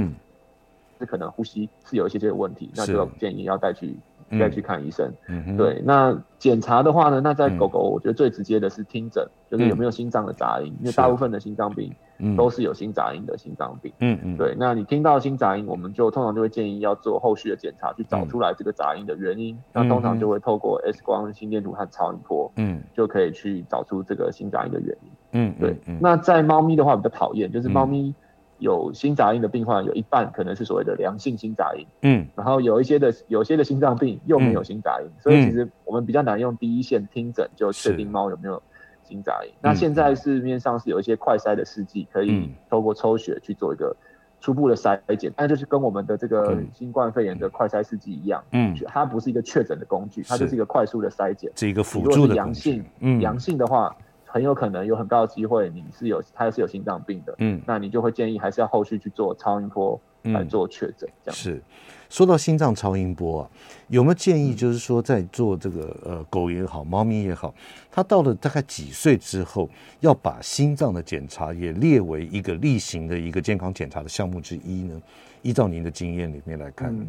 S1: 這可能呼吸是有一些些問題，那就建議要帶去帶去看醫生。嗯，對。那檢查的話呢，那在狗狗，我覺得最直接的是聽診，就是有沒有心臟的雜音，因為大部分的心臟病，
S3: 嗯，都是
S1: 有心雜音的心臟病。
S3: 嗯，對，那
S1: 你聽到心雜音，我們就通常就會建議要做後續的檢查，去找出來這個雜音的原因。那通常就會透過 X 光、心電圖和超音波，嗯，就可以去找出這個心雜音的原因。嗯。對，那在貓咪的話比較討厭，就是貓咪。有心雜音的病患有一半可能是所謂的良性心雜音，嗯，然後有一些的有些的心臟病又沒有心雜音，嗯、所以其實我們比較難用第一線聽診就確定貓有沒有心雜音。嗯、那現在市面上是有一些快篩的試劑，可以透過抽血去做一個初步的篩檢，那、嗯、就是跟我們的這個新冠肺炎的快篩試劑一樣，嗯，它不是一個確診的工具，它就是一個快速的篩檢，是一個輔助的工具。如果是陽性，嗯，陽性的話。很有可能有很高的機會，你是有他也是有心臟病的。嗯，那你就會建議還是要後續去做超音波來做確診。嗯、這樣
S2: 是說到心臟超音波啊，有沒有建議就是說在做這個、嗯、呃狗也好，貓咪也好，它到了大概幾歲之後要把心臟的檢查也列為一個例行的一個健康檢查的項目之一呢？依照您的經驗裡面來看，嗯、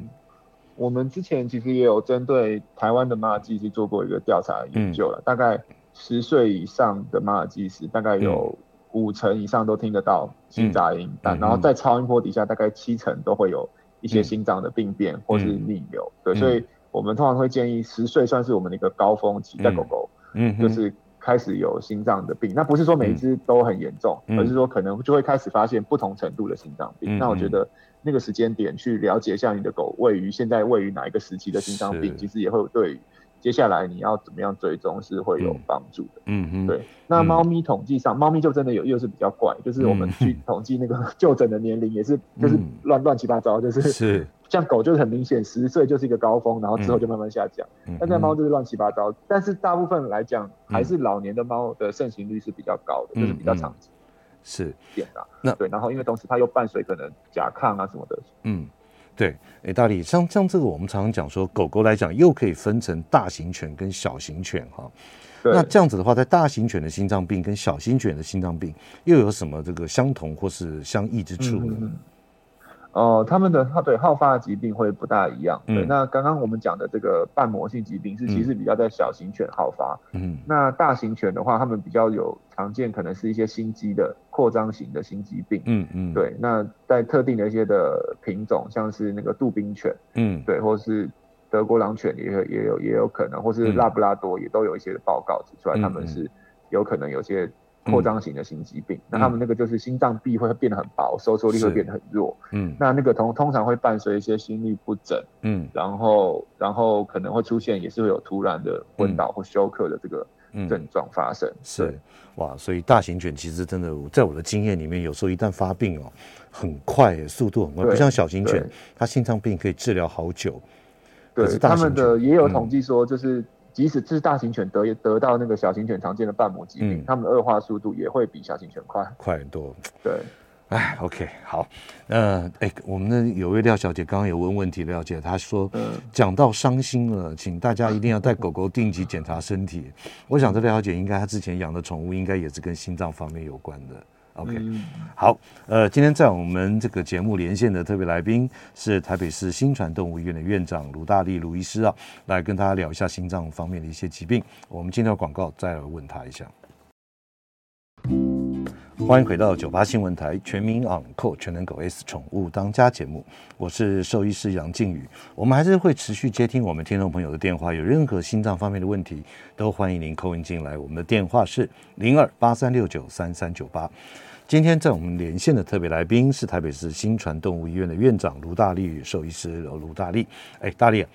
S1: 我們之前其實也有針對台灣的貓機去做過一個調查研究了，嗯、大概。十歲以上的馬爾濟斯，大概有五成以上都聽得到心雜音，嗯嗯、但然後在超音波底下，大概七成都會有一些心臟的病變、嗯、或是逆流。對，嗯、所以我們通常會建議十歲算是我們的一個高峰期。嗯、在狗狗，
S3: 嗯、就是
S1: 開始有心臟的病。嗯、那不是說每一只都很嚴重，嗯、而是說可能就會開始發現不同程度的心臟病。嗯、那我覺得那個時間點去了解一下你的狗位於現在位於哪一個時期的心臟病，其實也會對。接下來你要怎麼樣追蹤是會有幫助的。嗯嗯，對。那貓咪統計上，貓咪就真的有又是比較怪，就是我們去統計那個就診的年齡也是就是亂亂七八糟，就是是像狗就是很明顯十歲就是一個高峰，然後之後就慢慢下降。但那貓就是亂七八糟，但是大部分來講還是老年的貓的盛行率是比較高
S2: 的，就是比較常見。是，
S1: 對，然後因為同時它又伴隨可能甲亢啊什麼的。嗯。
S2: 對，哎，欸，大立，像像這個，我們常常講說，狗狗來講，又可以分成大型犬跟小型犬，哈對。那這樣子的話，在大型犬的心臟病跟小型犬的心臟病，又有什麼這個相同或是相異之處呢？嗯嗯嗯
S1: 哦，他們的好對好發的疾病會不大一樣，對。嗯，那剛剛我們講的這個瓣膜性疾病是其實比較在小型犬好發，嗯。那大型犬的話，它們比較有常見可能是一些心肌的擴張型的心肌病，
S3: 嗯嗯。嗯對，
S1: 那在特定的一些的品種，像是那個杜賓犬，嗯，對，或是德國狼犬也有也有也有可能，或是拉布拉多也都有一些的報告指出來，嗯，他們是有可能有些。擴張型的心肌病，嗯、那他們那個就是心臟壁會變得很薄，嗯、收縮力會變得很弱。嗯，那那個通通常會伴隨一些心律不整。
S2: 嗯，
S1: 然後然後可能會出現，也是會有突然的昏倒或休克
S2: 的這個症狀發生。嗯嗯、是哇，所以大型犬其實真的，在我的經驗裡面，有時候一旦發病哦、喔，很快，速度很快，對不像小型犬，對它心臟病可以治療好久。可對是他們的也有統
S1: 計說，就是。即使是大型犬得也得到那個小型犬常見的瓣膜疾病，它、嗯、們的惡化速度也會比小型犬快，
S2: 快很多。對，哎，OK，好，呃，哎、欸，我們那有位廖小姐剛剛有問問題，廖姐她說，講、嗯、到傷心了，請大家一定要帶狗狗定期檢查身體。嗯、我想這廖小姐應該她之前養的寵物應該也是跟心臟方面有關的。OK，好，呃，今天在我們這個節目連線的特別來賓是台北市心傳動物醫院的院長盧大立盧醫師啊，來跟大家聊一下心臟方面的一些疾病。我們進到廣告，再來問他一下。嗯、歡迎回到九八新聞台全民昂扣全能狗 S 寵物當家節目，我是獸醫師楊靜宇。我們還是會持續接聽我們聽眾朋友的電話，有任何心臟方面的問題，都歡迎您扣音進來。我們的電話是零二八三六九三三九八。今天在我們連線的特別來賓是台北市心傳動物醫院的院長盧大立獸醫師盧大立。哎，大立啊，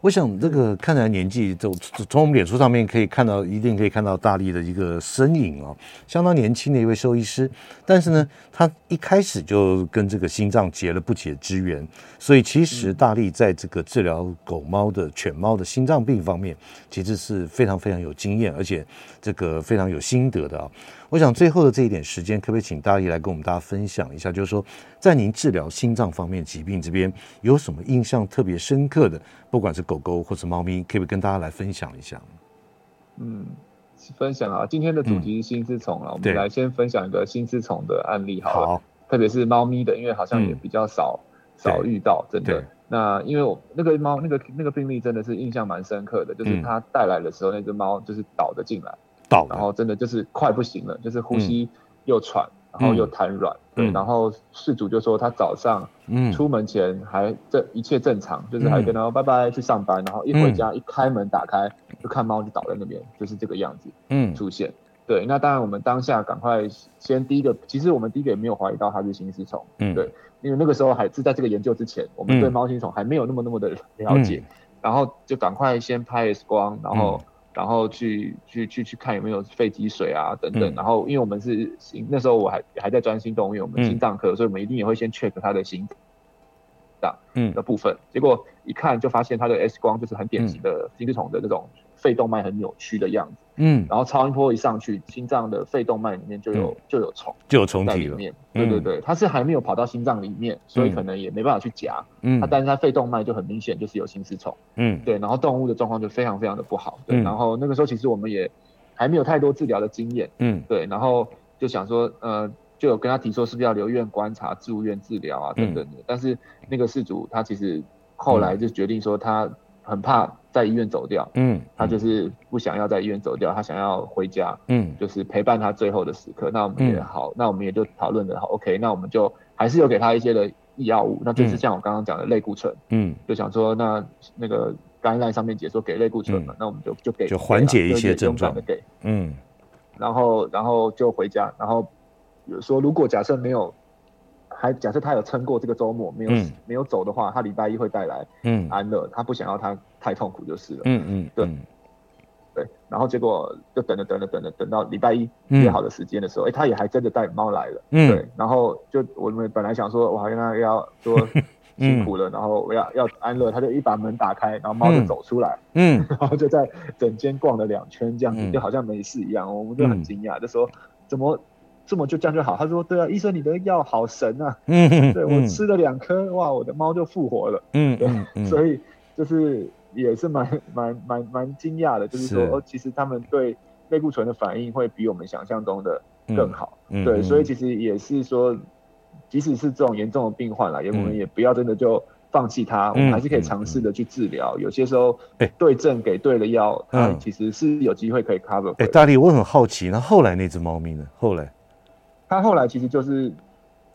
S2: 我想這個看來年紀，從從我們臉書上面可以看到，一定可以看到大立的一個身影啊，哦，相當年輕的一位獸醫師，但是呢，他一開始就跟這個心臟結了不解之緣，所以其實大立在這個治療狗貓的犬貓的心臟病方面，其實是非常非常有經驗，而且這個非常有心得的啊，哦。我想最後的這一點時間，可不可以請大立來跟我們大家分享一下？就是說，在您治療心臟方面疾病這邊，有什麼印象特別深刻的？不管是狗狗或是貓咪，可不可以跟大家來分享一下？嗯，分
S1: 享啊，今天的主題是心絲蟲了，嗯、我們來先分享一個心絲蟲的案例好，好對特別是貓咪的，因為好像也比較少、嗯、少遇到，真的。對那因為我那個貓，那個、那個、那個病例真的是印象蠻深刻的，就是它帶來的時候，嗯、那只貓就是倒着進來。倒，然後真的就是快不行了，就是呼吸又喘，嗯、然後又癱軟。嗯、對，然後事主就說他早上，嗯，出門前還這一切正常，嗯、就是還跟他說拜拜去上班，然後一回家一開門打開、嗯、就看貓就倒在那邊，就是這個樣子，嗯，出現。嗯、對，那當然我們當下趕快先第一個，其實我們第一個也沒有懷疑到它是心絲蟲，嗯，對，因為那個時候還是在這個研究之前，我們對貓心蟲還沒有那麼那麼的了解，嗯、然後就趕快先拍 X 光，然後。然後去去去去看有沒有肺積水啊，等等，嗯、然後因為我們是行那時候我還還在心傳動，因為我們心臟科，嗯、所以我們一定也會先 check 他的心臟，的部分，嗯、結果一看就發現他的 X 光就是很典型的、嗯、心絲蟲的這種。肺動脈很扭曲的樣子，嗯，然後超音波一上去，心臟的肺動脈裡面就有、嗯、就有蟲，就有蟲在裡面，對對對，他、嗯、是還沒有跑到心臟裡面，所以可能也沒辦法去夾，嗯，他、啊、但是他肺動脈就很明顯就是有心絲蟲，嗯，對，然後動物的狀況就非常非常的不好，對，嗯、然後那個時候其實我們也還沒有太多治療的經驗，嗯，對，然後就想說，呃，就有跟他提說是不是要留院觀察、住院治療啊等等的，嗯、但是那個飼主他其實後來就決定說他。很怕在醫院走掉，嗯，嗯，他就是不想要在醫院走掉，他想要回家，嗯，就是陪伴他最後的時刻。嗯、那我們也好，那我們也就討論的好、嗯、OK，那我們就還是有給他一些的醫藥物，那就是像我剛剛講的類固醇，嗯，就想說那那個剛才上面解說給類固醇嘛，嗯、那我們就就給，給就緩解一些症狀的給，嗯，然後然後就回家，然後說如果假設沒有。還假設他有撐過這個周末，沒有、嗯、沒有走的話，他禮拜一會帶來安樂，嗯、他不想要他太痛苦就是了。嗯嗯，對、嗯、對。然後結果就等着等着等了，等到禮拜一約好的時間的時候、嗯欸，他也還真的帶貓來了。嗯，對。然後就我們本來想說，我還跟他要說辛苦了，嗯、然後我要要安樂，他就一把門打開，然後貓就走出來。
S3: 嗯，嗯
S1: <laughs> 然後就在整間逛了兩圈，這樣子就好像沒事一樣、哦，嗯、我們就很驚訝，就說、嗯、怎麼？這麼就這樣就好？他說對啊，醫生你的藥好神啊。嗯，嗯對我吃了兩顆，哇，我的貓就復活了嗯，嗯，對，所以就是也是蠻蠻蠻蠻驚訝的，就是說其實他們對類固醇的反應會比我們想象中的更好，對，所以其實也是說，即使是這種嚴重的病患了，也我們也不要真的就放棄它，我們還是可以嘗試的去治療，有些時候對症給對了藥，嗯，其實是有機會可以 cover、欸。哎、嗯，欸、大
S2: 力，我很好奇，那後，後來那只貓咪呢？後來？
S1: 他後來其實就是，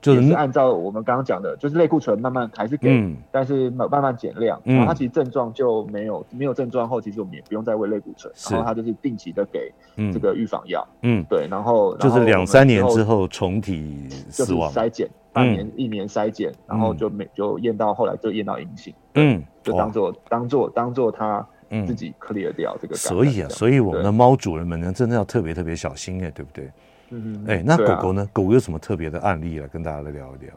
S2: 就是按
S1: 照我們剛剛講的，就是類固醇慢慢還是給，嗯、但是慢慢慢減量。嗯、然後他其實症狀就沒有沒有症狀後，其實我們也不用再餵類固醇。是然後他就是定期的給這個預防藥。嗯，對。然後，然後，後就是兩三年之
S2: 後蟲體死亡。篩
S1: 檢，嗯，半年一年篩檢，嗯、然後就沒就驗到後來就驗到陰性。
S2: 嗯，哦、就當做
S1: 當做當做他自己 clear 掉這個。所以啊，對所以我們的
S2: 貓主人們呢，真的要特別特別小心耶，對不對？
S1: 嗯，哎，那狗狗
S2: 呢？狗有什麼特別的案例來跟大家來聊一聊？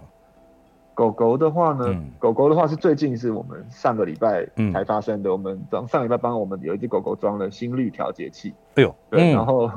S1: 狗狗的話呢，狗狗的話是最近是我們上個禮拜才發生的。我們上上禮拜幫我們有一隻狗狗裝了心律調節器。
S3: 哎呦，對，然後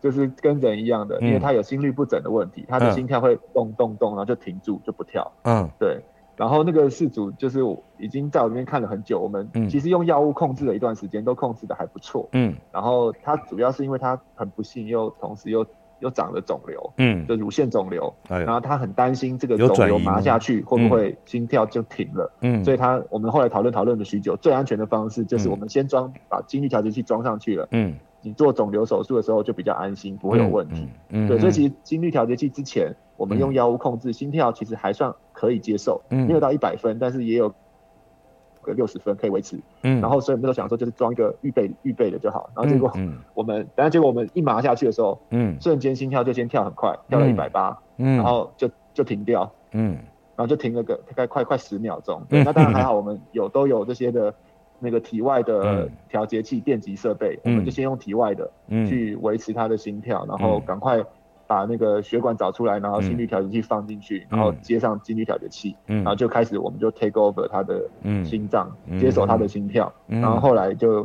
S1: 就是跟人一樣的，因為它有心律不整的問題，它的心跳會咚咚咚，然後就停住就不跳。嗯，對。然後那個飼主就是我已經在我這邊看了很久，我們其實用藥物控制了一段時間，都控制的還不錯。嗯，然後它主要是因為它很不幸，又同時又。又長了腫瘤，嗯，就乳腺腫瘤，哎、呦然後他很擔心這個腫瘤麻下去會不會心跳就停了，嗯，所以他我們後來討論討論了許久，最安全的方式就是我們先裝、嗯、把心律調節器裝上去
S3: 了，
S1: 嗯，你做腫瘤手術的時候就比較安心，嗯、不會有問題，嗯，嗯對，所以其實心律調節器之前我們用藥物控制、嗯、心跳，其實還算可以接受，嗯，沒有到一百分，但是也有。六十分可以維持，嗯，然後所以我們都想說就是裝一個預備預備的就好，然後結果我們，等下、嗯嗯、結果我們一麻下去的時候，嗯，瞬間心跳就先跳很快，跳到一百八，嗯，然後就就停掉，嗯，
S3: 然
S1: 後就停了個大概快快十秒鐘，對，嗯、那當然還好我們有都有這些的，那個體外的調節器電擊設備，嗯、我們就先用體外的去維持他的心跳，然後趕快。把那個血管找出來，然後心律調節器放進去，嗯、然後接上心律調節器，嗯、然後就開始，我們就 take over 它的心臟，嗯、接手它的心跳，嗯嗯、然後後來就。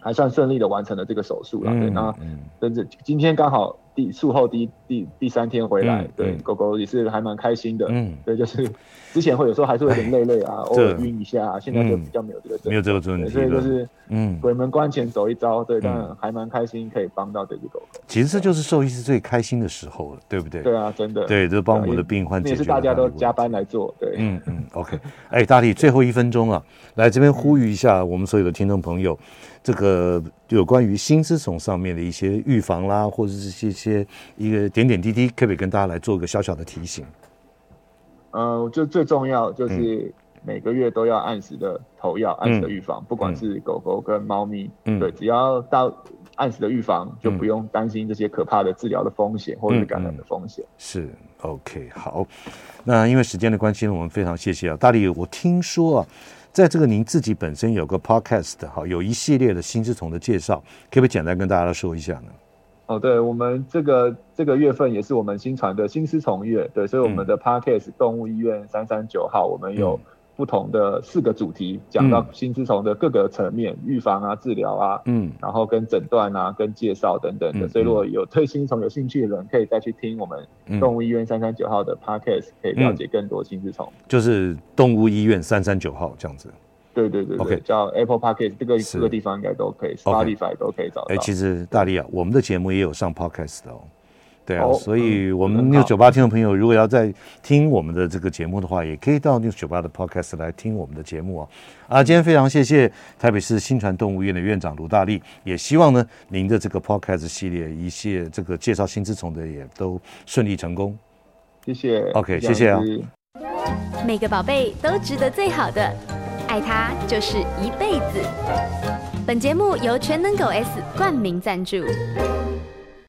S1: 還算順利的完成了這個手術了，對，那真正今天剛好第術後第第第三天回來，對，狗狗也是還蠻開心的，對，就是之前會有時候還是有點累累啊，偶爾暈一下，現在就比較沒有這個，沒有這個作用，所以就是嗯，鬼門關前走一遭，對，當然還蠻開心，可以幫到這隻狗。
S2: 其實這就是獸醫是最開心的時候了，對不對？對啊，真的，對，都幫我的病患解決，也是大家
S1: 都加班來做，對，嗯
S2: 嗯，OK，哎，大立最後一分鐘啊，來這邊呼籲一下我們所有的聽眾朋友。這個有關於心絲蟲上面的一些預防啦，或者是一些一個點點滴滴，可不可以跟大家來做一個小小的提醒？嗯、呃，
S1: 我覺得最重要就是每個月都要按時的投藥，嗯、按時的預防，不管是狗狗跟貓咪，嗯、對，只要到按時的預防，嗯、就不用擔心這些可怕的治療的風險、嗯、或者是感染的風險。
S2: 是，OK，好。那因為時間的關係，我們非常謝謝啊，大立，我聽說啊。在這個，您自己本身有個 podcast 哈，有一系列的心絲蟲的介紹，可不可以簡單跟大家說一下呢？
S1: 哦，對，我們這個這個月份也是我們心傳的心絲蟲月，對，所以我們的 podcast、嗯、動物醫院三三九號，我們有。嗯不同的四個主題，講到心絲蟲的各個層面，嗯、預防啊、治療啊，嗯，然後跟診斷啊、跟介紹等等的。嗯嗯、所以如果有對新絲蟲有興趣的人，可以再去聽我們動物醫院三三九號的 podcast，可以了解更多心絲蟲、
S2: 嗯。就是動物醫院三三九號這樣子。
S1: 對對對對，okay, 叫 Apple Podcast，這個是這個地方應該都可以，s t i 力仔都可以找到。哎、欸，其
S2: 實大力啊，我們的節目也有上 podcast 的哦。對啊，哦嗯、所以我們九八聽眾朋友，如果要在聽我們的這個節目的話，也可以到九八的 Podcast 來聽我們的節目啊。啊，今天非常謝謝台北市心傳動物醫院的院長盧大立，也希望呢您的這個 Podcast 系列一些這個介紹心絲蟲的也都順利成功。謝謝。OK，< 想去 S 1> 謝謝啊。
S1: 每個寶貝都值得最好的，
S3: 愛他就是一輩子。本節目由全能狗 S 冠名贊助。